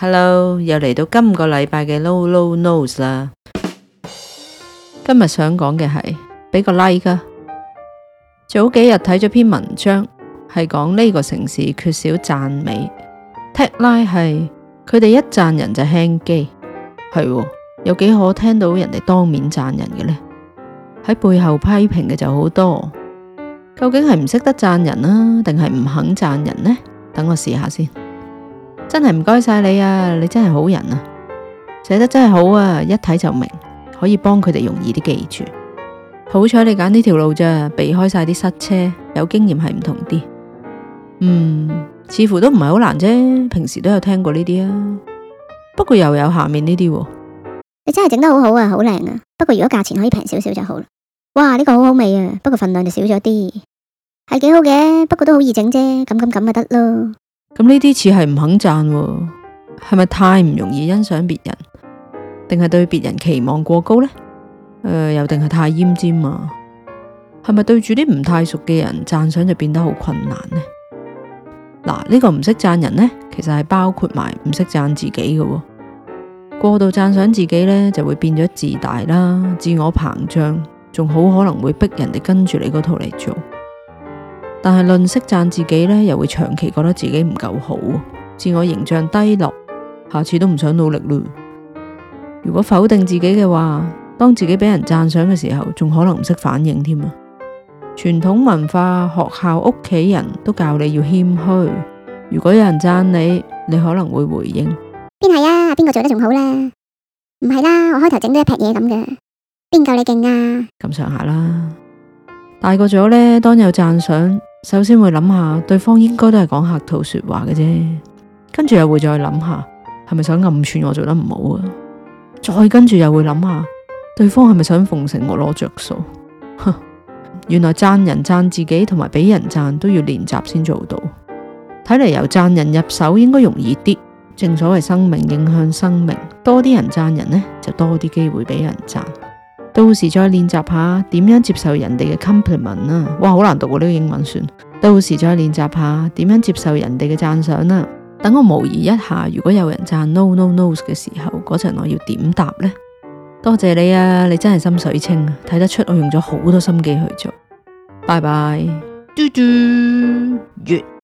Hello，又嚟到今個禮拜嘅 Lulu Notes 啦。今日想講嘅係俾個 like。啊！早幾日睇咗篇文章，係講呢個城市缺少讚美。Tagline 係佢哋一讚人就輕機係喎，有幾可聽到人哋當面讚人嘅呢？喺背後批評嘅就好多。究竟係唔識得讚人啊，定係唔肯讚人呢？等我試下先。真係唔該晒你啊！你真係好人啊，寫得真係好啊，一睇就明，可以幫佢哋容易啲記住。好彩你揀呢條路啫，避開晒啲塞車，有經驗係唔同啲。嗯，似乎都唔係好難啫，平時都有聽過呢啲啊。不過又有下面呢啲喎。你真係整得好好啊，好靚啊！不過如果價錢可以平少少就好啦。哇，呢個好好味啊，不過份量就少咗啲。係幾、啊、好嘅，這樣這樣這樣，不過都好易整啫，咁咁咁咪得咯。咁呢啲似係唔肯讚，係咪太唔容易欣賞別人，定係對別人期望過高呢？誒、呃，又定係太奄尖啊？係咪對住啲唔太熟嘅人讚賞就變得好困難呢？嗱，呢、這個唔識讚人呢，其實係包括埋唔識讚自己嘅。過度讚賞自己呢，就會變咗自大啦，自我膨脹，仲好可能會逼人哋跟住你嗰套嚟做。但係論識讚自己呢，又會長期覺得自己唔夠好，自我形象低落，下次都唔想努力咯。如果否定自己嘅話，當自己俾人讚賞嘅時候，仲可能唔識反應添啊。傳統文化、學校、屋企人都教你要謙虛。如果有人讚你，你可能會回應：邊係呀？邊個做得仲好啦？唔係啦，我開頭整咗一撇嘢咁噶，邊夠你勁啊？咁上下啦，大個咗咧，當有讚賞。首先會諗下對方應該都係講客套說話嘅啫，跟住又會再諗下係咪想暗串我做得唔好啊？再跟住又會諗下對方係咪想奉承我攞着數？原來讚人讚自己同埋俾人讚都要練習先做到。睇嚟由讚人入手應該容易啲。正所謂生命影響生命，多啲人讚人呢，就多啲機會俾人讚。到時再練習下點樣接受人哋嘅 compliment 啊！哇，好難讀啊呢個英文算。到時再練習下點樣接受人哋嘅讚賞啊！等我模擬一下，如果有人讚 no no no 嘅時候，嗰陣我要點答咧？多謝你啊！你真係心水清啊，睇得出我用咗好多心機去做。拜拜。嘟嘟嘟。 yeah.